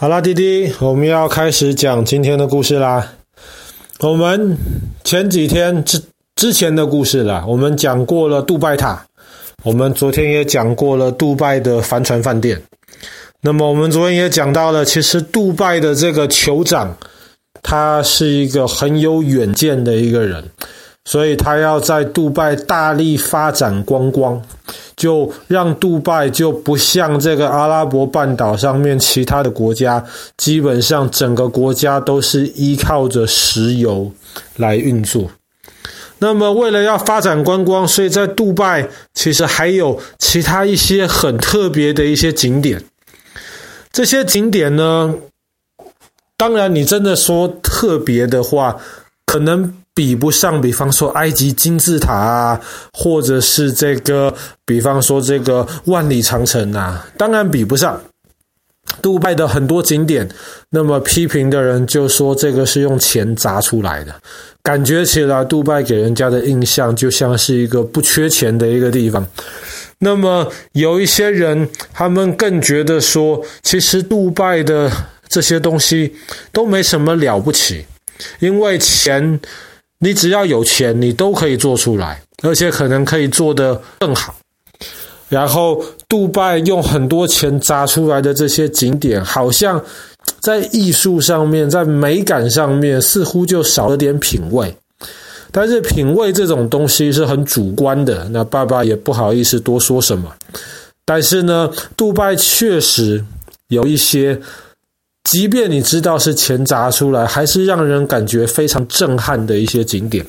好啦，弟弟，我們要開始講今天的故事啦。我們前幾天之之前的故事啦，我們講過了杜拜塔，我們昨天也講過了杜拜的帆船飯店。那麼我們昨天也講到了，其實杜拜的這個酋長，他是一個很有遠見的一個人，所以他要在杜拜大力發展觀光、光。就讓杜拜就不像這個阿拉伯半島上面其他的國家，基本上整個國家都是依靠着石油來運作。那麼，為了要發展觀光，所以在杜拜其實還有其他一些很特別的一些景點。這些景點呢，當然你真的說特別的話，可能。比不上，比方說埃及金字塔啊，或者是這個，比方說這個萬里長城啊，當然比不上杜拜的很多景點，那麼批評的人就說這個是用錢砸出來的，感覺起來杜拜給人家的印象就像是一個不缺錢的一個地方。那麼有一些人，他們更覺得說，其實杜拜的這些東西都沒什麼了不起，因為錢。你只要有錢，你都可以做出來，而且可能可以做得更好。然後，杜拜用很多錢砸出來的這些景點，好像在藝術上面、在美感上面，似乎就少了點品味。但是，品味這種東西是很主觀的，那爸爸也不好意思多說什麼。但是呢，杜拜確實有一些。即便你知道是錢砸出來，還是讓人感覺非常震撼的一些景點。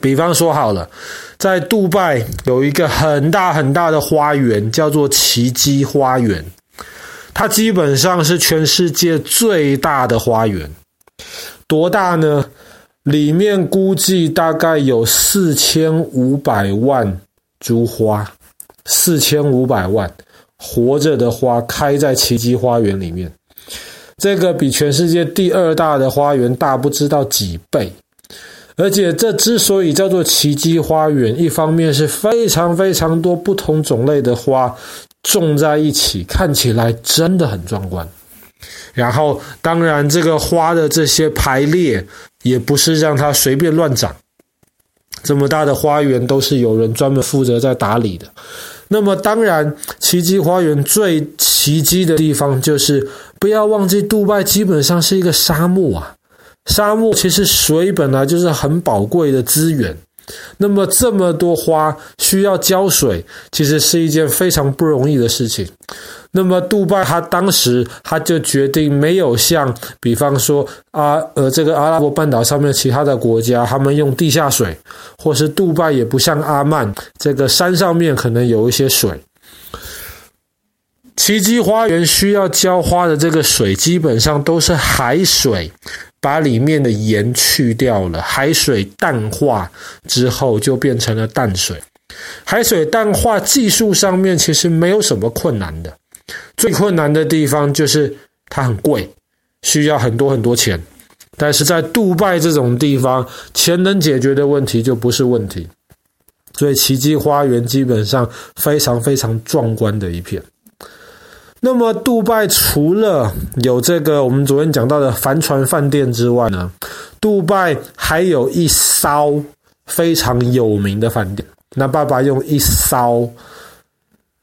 比方說，好了，在杜拜有一個很大很大的花園，叫做奇蹟花園。它基本上是全世界最大的花園。多大呢？裡面估計大概有四千五百萬株花，四千五百萬活着的花開在奇蹟花園裡面。這個比全世界第二大的花園大不知道幾倍，而且這之所以叫做奇蹟花園，一方面是非常非常多不同種類的花種在一起，看起來真的很壯觀。然後，當然這個花的這些排列也不是讓它隨便亂長，這麼大的花園都是有人專門負責在打理的。那麼，當然奇蹟花園最奇蹟的地方就是。不要忘記，杜拜基本上是一個沙漠啊，沙漠其實水本來就是很寶貴的資源。那麼這麼多花需要澆水，其實是一件非常不容易的事情。那麼杜拜他當時他就決定，沒有像比方說阿、啊、呃這個阿拉伯半島上面其他的國家，他們用地下水，或是杜拜也不像阿曼這個山上面可能有一些水。奇蹟花園需要澆花的這個水，基本上都是海水，把裡面的鹽去掉了，海水淡化之後就變成了淡水。海水淡化技術上面其實沒有什麼困難的，最困難的地方就是它很貴，需要很多很多錢。但是在杜拜這種地方，錢能解決的問題就不是問題，所以奇蹟花園基本上非常非常壯觀的一片。那麼，杜拜除了有這個我們昨天講到的帆船飯店之外呢，杜拜還有一艘非常有名的飯店。那爸爸用一艘，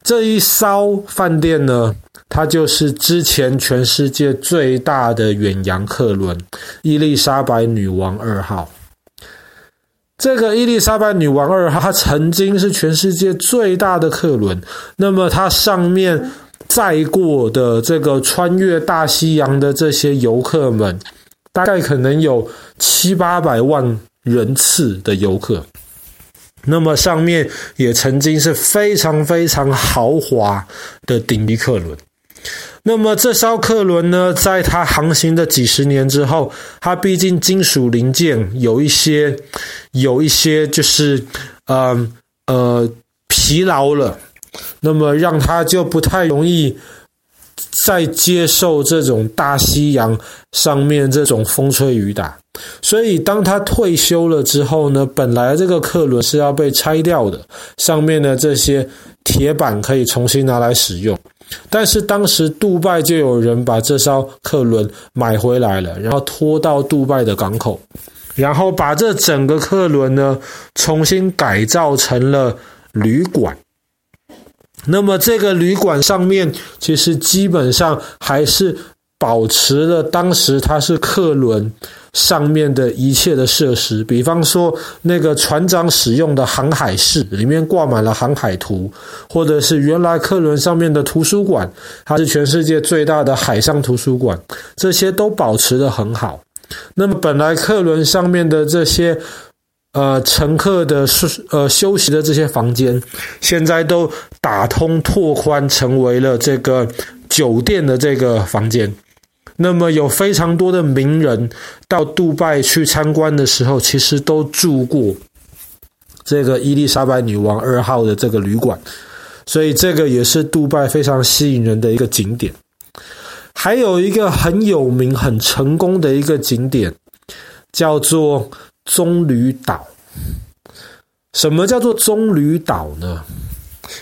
這一艘飯店呢，它就是之前全世界最大的遠洋客輪——伊麗莎白女王二號。這個伊麗莎白女王二號，它曾經是全世界最大的客輪，那麼它上面。載過的這個穿越大西洋的這些遊客們，大概可能有七八百萬人次的遊客。那麼上面也曾經是非常非常豪華的頂級客輪。那麼這艘客輪呢，在它航行的幾十年之後，它畢竟金屬零件有一些有一些就是呃呃疲勞了。那麼讓他就不太容易再接受這種大西洋上面這種風吹雨打。所以當他退休了之後呢，本來這個客輪是要被拆掉的，上面的這些鐵板可以重新拿來使用。但是當時杜拜就有人把這艘客輪買回來了，然後拖到杜拜的港口，然後把這整個客輪呢重新改造成了旅館。那麼這個旅館上面其實基本上還是保持了當時它是客輪上面的一切的設施，比方說那個船長使用的航海室，裡面掛滿了航海圖，或者是原來客輪上面的圖書館，它是全世界最大的海上圖書館，這些都保持得很好。那麼本來客輪上面的這些。呃，乘客的呃休息的這些房間，現在都打通拓寬，成為了這個酒店的這個房間。那麼有非常多的名人到杜拜去參觀的時候，其實都住過這個伊麗莎白女王二號的這個旅館，所以這個也是杜拜非常吸引人的一個景點。還有一個很有名、很成功的一個景點，叫做。棕櫚島，什麼叫做棕櫚島呢？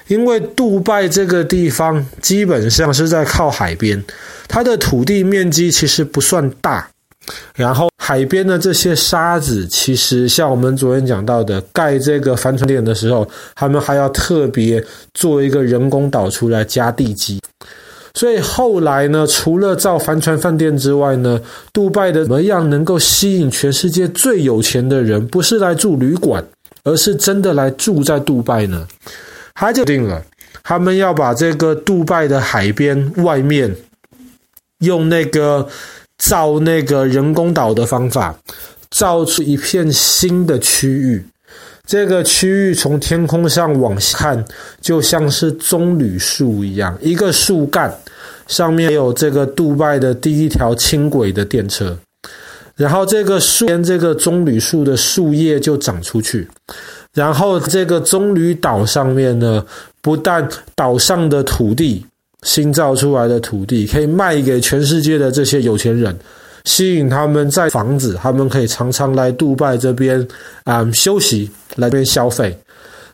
因為杜拜這個地方基本上是在靠海邊，它的土地面積其實不算大，然後海邊的這些沙子，其實像我們昨天講到的，蓋這個帆船店的時候，他們還要特別做一個人工島出來加地基。所以後來呢，除了造帆船飯店之外呢，杜拜的怎麼樣能夠吸引全世界最有錢的人，不是來住旅館，而是真的來住在杜拜呢？他就定了，他們要把這個杜拜的海邊外面，用那個，造那個人工島的方法，造出一片新的區域。這個區域從天空上往下看，就像是棕櫚樹一樣，一個樹幹，上面有這個杜拜的第一條輕軌的電車，然後這個樹，這個棕櫚樹的樹葉就長出去，然後這個棕櫚島上面呢，不但島上的土地，新造出來的土地可以賣給全世界的這些有錢人。吸引他們在房子，他們可以常常來杜拜這邊啊、呃、休息，來這邊消費。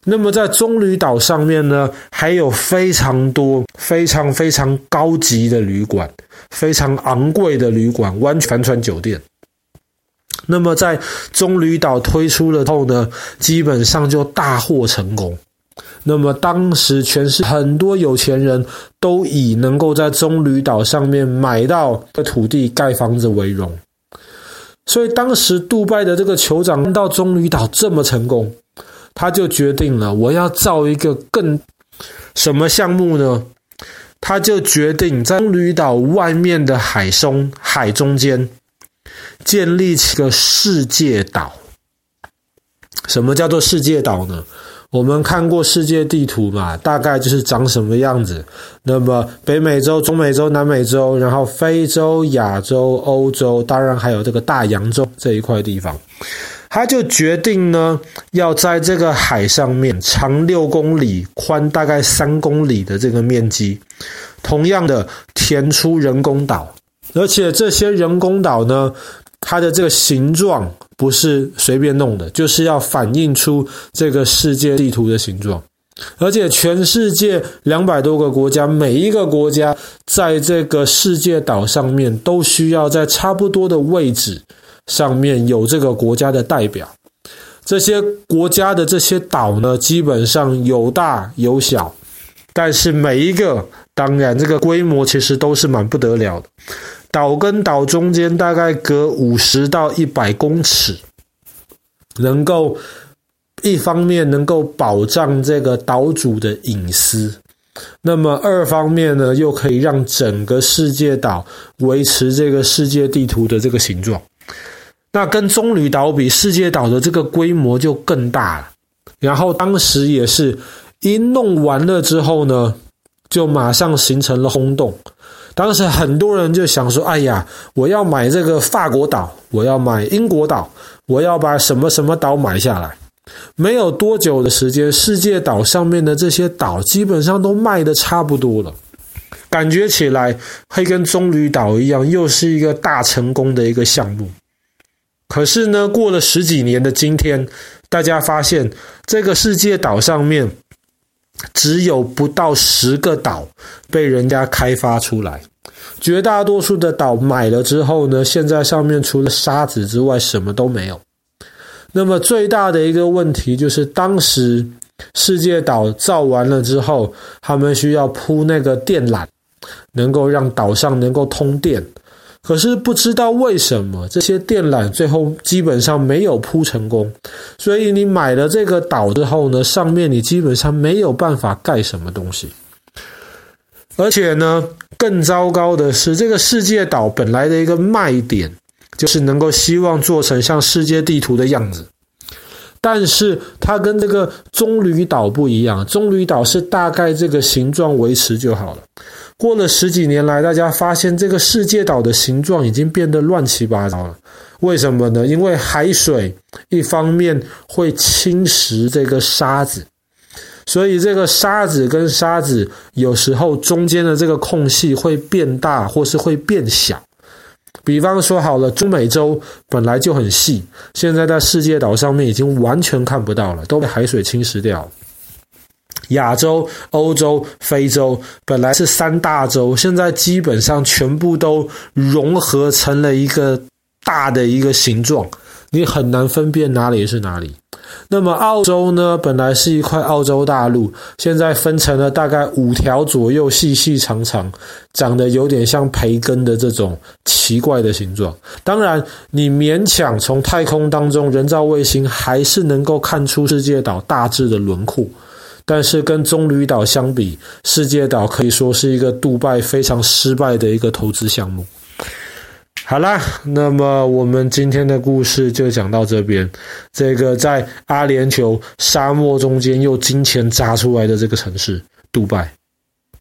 那麼在棕櫚島上面呢，還有非常多非常非常高級的旅館，非常昂貴的旅館，帆船酒店。那麼在棕櫚島推出了後呢，基本上就大獲成功。那麼當時，全市很多有錢人都以能夠在棕櫚島上面買到的土地蓋房子為榮。所以當時，杜拜的這個酋長看到棕櫚島這麼成功，他就決定了，我要造一個更什麼項目呢？他就決定在棕櫚島外面的海中、海中間建立一個世界島。什麼叫做世界島呢？我們看過世界地圖嘛，大概就是長什麼樣子。那麼北美洲、中美洲、南美洲，然後非洲、亞洲、歐洲，當然還有這個大洋洲這一塊地方，他就決定呢，要在這個海上面長六公里、寬大概三公里的這個面積，同樣的填出人工島，而且這些人工島呢，它的這個形狀，不是隨便弄的，就是要反映出這個世界地圖的形狀。而且全世界兩百多個國家，每一個國家在這個世界島上面都需要在差不多的位置上面有這個國家的代表。這些國家的這些島呢，基本上有大有小，但是每一個，當然這個規模其實都是蠻不得了的。島跟島中間大概隔五十到一百公尺，能夠一方面能夠保障這個島主的隱私，那麼二方面呢，又可以讓整個世界島維持這個世界地圖的這個形狀。那跟棕櫚島比，世界島的這個規模就更大了。然後當時也是，一弄完了之後呢，就馬上形成了轟動。當時很多人就想說：“哎呀，我要買這個法國島，我要買英國島，我要把什麼什麼島買下來。”沒有多久的時間，世界島上面的這些島基本上都賣的差不多了，感覺起來會跟棕櫚島一樣，又是一個大成功的一個項目。可是呢，過了十幾年的今天，大家發現這個世界島上面。只有不到十個島被人家開發出來，絕大多數的島買了之後呢，現在上面除了沙子之外，什麼都沒有。那麼最大的一個問題就是，當時世界島造完了之後，他們需要鋪那個電纜，能夠讓島上能夠通電。可是不知道為什麼，這些電纜最後基本上沒有鋪成功，所以你買了這個島之後呢，上面你基本上沒有辦法蓋什麼東西。而且呢，更糟糕的是，這個世界島本來的一個賣點就是能夠希望做成像世界地圖的樣子，但是它跟這個棕櫚島不一樣，棕櫚島是大概這個形狀維持就好了。過了十幾年來，大家發現這個世界島的形狀已經變得亂七八糟了。為什麼呢？因為海水一方面會侵蝕這個沙子，所以這個沙子跟沙子有時候中間的這個空隙會變大，或是會變小。比方說，好了，中美洲本來就很細，現在在世界島上面已經完全看不到了，都被海水侵蝕掉了。亞洲、歐洲、非洲本來是三大洲，現在基本上全部都融合成了一個大的一個形狀，你很難分辨哪裡是哪裡。那麼澳洲呢？本來是一塊澳洲大陸，現在分成了大概五條左右，細細長長，長得有點像培根的這種奇怪的形狀。當然，你勉強從太空當中人造衛星還是能夠看出世界島大致的輪廓。但是跟棕櫚島相比，世界島可以說是一個杜拜非常失敗的一個投資項目。好啦，那麼我們今天的故事就講到這邊。這個在阿聯酋沙漠中間用金錢砸出來的這個城市，杜拜。